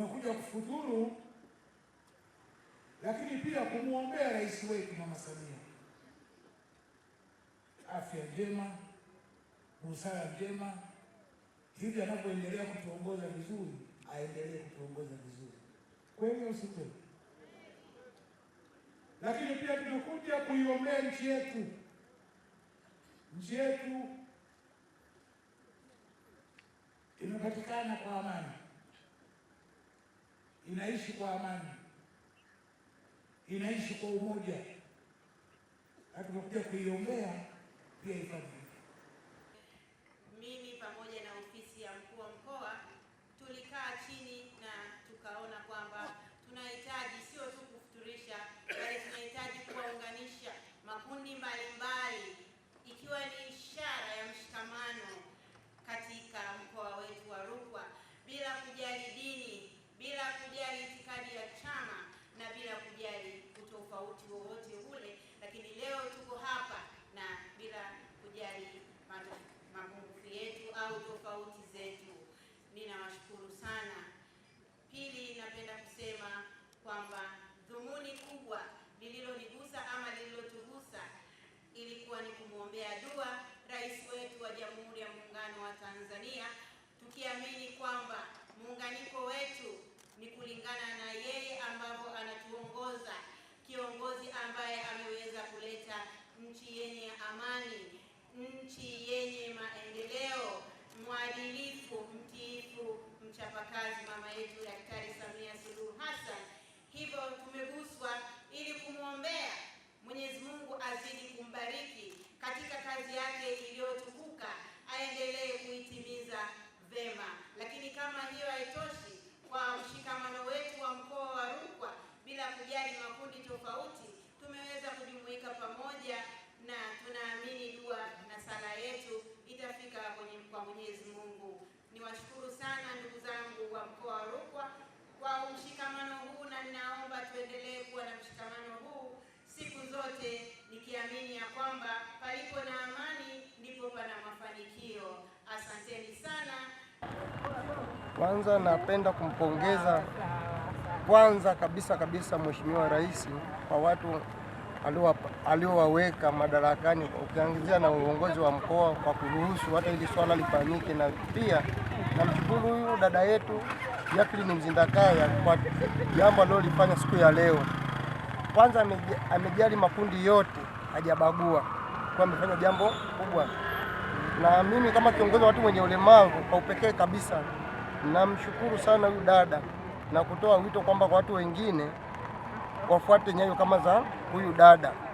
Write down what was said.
tunakuja kufuturu lakini pia kumwombea rais wetu Mama Samia afya njema, busara njema, hivi anapoendelea kutuongoza vizuri, aendelee kutuongoza vizuri, kweli au si kweli? Lakini pia tumekuja kuiombea nchi yetu. Nchi yetu inapatikana kwa amani inaishi kwa amani, inaishi kwa umoja, na kuiombea pia ifanye haitoshi kwa mshikamano wetu wa mkoa wa Rukwa bila kujali makundi tofauti Kwanza napenda kumpongeza kwanza kabisa kabisa Mheshimiwa Rais kwa watu aliowaweka madarakani, ukianzia na uongozi wa mkoa kwa kuruhusu hata hili swala lifanyike, na pia namshukuru huyu dada yetu Jacqueline Mzindakaya kwa jambo alilolifanya siku ya leo. Kwanza amejali makundi yote, hajabagua kwa, amefanya jambo kubwa, na mimi kama kiongozi wa watu wenye ulemavu kwa upekee kabisa Namshukuru sana huyu dada na kutoa wito kwamba kwa watu wengine wafuate nyayo kama za huyu dada.